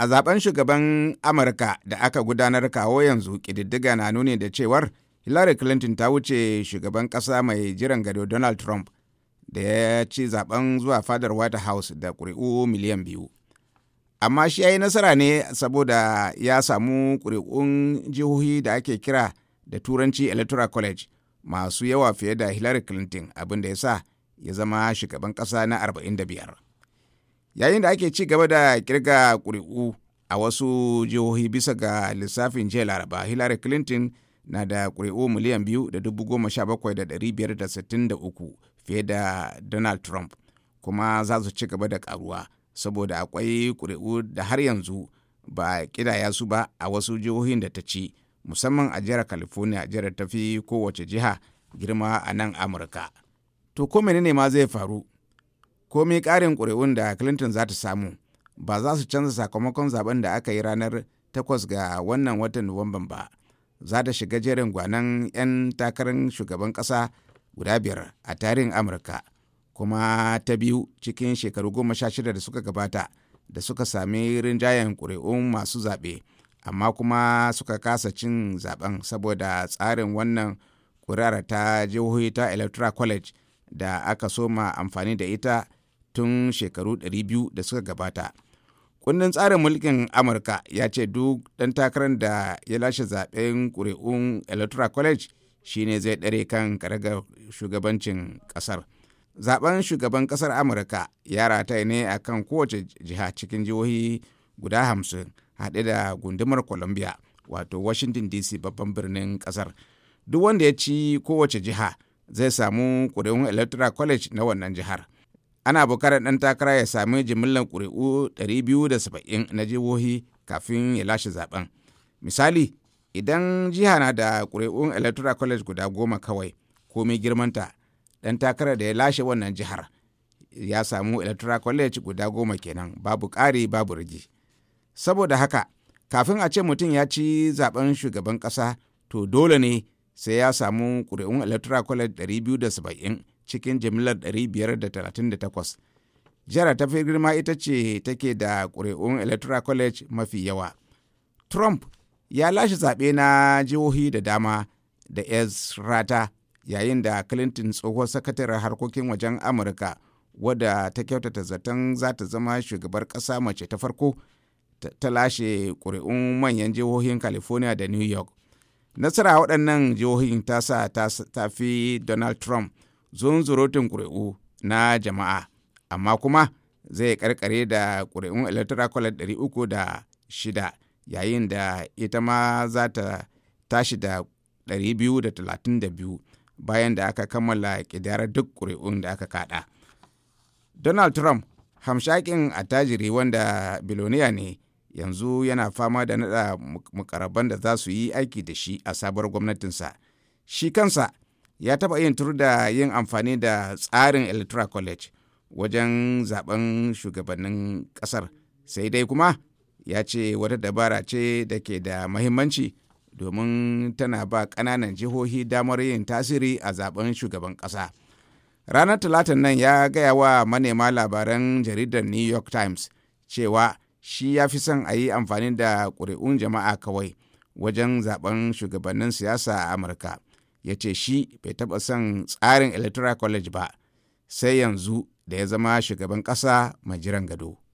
A zaben shugaban Amurka da aka gudanar kawo yanzu ƙididdiga na nuni da cewar Hillary Clinton ta wuce shugaban ƙasa mai jiran gado Donald Trump da ya ci zaben zuwa fadar White House da ƙuri'u miliyan biyu. Amma shi ya yi nasara ne saboda ya samu ƙuri'un jihohi da ake kira da Turanci Electoral College masu yawa fiye da Hillary Clinton abin da ya sa ya zama shugaban ƙasa na 45. yayin da ake ci gaba da kirga ƙuri'u a wasu jihohi bisa ga lissafin jiya laraba hillary clinton na da ƙuri'u miliyan biyu da dubu goma sha bakwai da ɗari biyar da sittin da uku fiye da donald trump kuma za su ci gaba da ƙaruwa saboda akwai ƙuri'u da har yanzu ba ƙidaya su ba a wasu jihohin da ta ci musamman a jihar california jihar tafi kowace jiha girma a nan amurka to ko menene ma zai faru komai ƙarin ƙuri'un da clinton za ta samu ba za su canza sakamakon zaben da aka yi ranar 8 ga wannan watan nuwamban ba za ta shiga jerin gwanan 'yan takarar shugaban ƙasa guda biyar a tarihin amurka kuma ta biyu cikin shekaru goma sha shida da suka gabata da suka sami rinjayen ƙuri'un masu zaɓe amma kuma suka kasa cin zaben saboda tsarin wannan ƙuri'ar ta jihohi ta electoral college da aka soma amfani da ita tun shekaru 200 da suka gabata kundin tsarin mulkin amurka ya ce duk ɗan takarar da ya lashe zaɓen ƙuri'un electoral college shi ne zai ɗare kan karagar shugabancin ƙasar zaɓen shugaban ƙasar amurka ya rataye ne a kan kowace jiha cikin jihohi guda hamsin haɗe da gundumar columbia wato washington dc babban birnin ƙasar duk wanda ya ci kowace jiha zai samu ƙuri'un electoral college na wannan jihar ana bukatar ɗan takara ya sami jimillar ƙuri'u 270 na jihohi kafin ya lashe zaben misali idan jiha na da ƙuri'un electoral college guda goma kawai komai girmanta ɗan takara da ya lashe wannan jihar ya samu electoral college guda goma kenan babu ƙari babu rigi saboda haka kafin a ce mutum ya ci zaben shugaban ƙasa to dole ne sai ya samu ƙuri'un electoral college 270 cikin jimlar 538 jihar ta fi girma ita ce take da ƙuri'un electoral college mafi yawa trump ya lashe zaɓe na jihohi da dama da ezrata yayin da clinton tsohuwar sakataren harkokin wajen amurka wadda ta kyautata zaton za ta zama shugabar ƙasa mace ta farko ta lashe ƙuri'un manyan jihohin california da new york nasara waɗannan jihohin ta sa ta fi donald trump zunzurutun ƙuri'u na jama'a amma kuma zai karkare da ƙuri'un electoral college shida yayin da ita ma za ta tashi da da talatin biyu bayan da aka kammala ƙidarar duk ƙuri'un da aka kaɗa. Donald Trump hamshakin attajiri wanda biloniya ne yanzu yana fama da nada mukaraban da za su yi aiki da shi a sabuwar gwamnatinsa. Shi kansa ya taɓa yin tur da yin amfani da tsarin electoral college wajen zaben shugabannin ƙasar sai dai kuma ya ce wata dabara ce da ke da mahimmanci domin tana ba ƙananan jihohi damar yin tasiri a zaben shugaban ƙasa. ranar talatin nan ya gaya wa manema labaran jaridar new york times cewa shi ya fi son a yi amfani da ƙuri'un jama'a kawai wajen zaben shugabannin siyasa a amurka ya ce shi bai taɓa son tsarin electoral college ba sai yanzu da ya zama shugaban ƙasa mai jiran gado.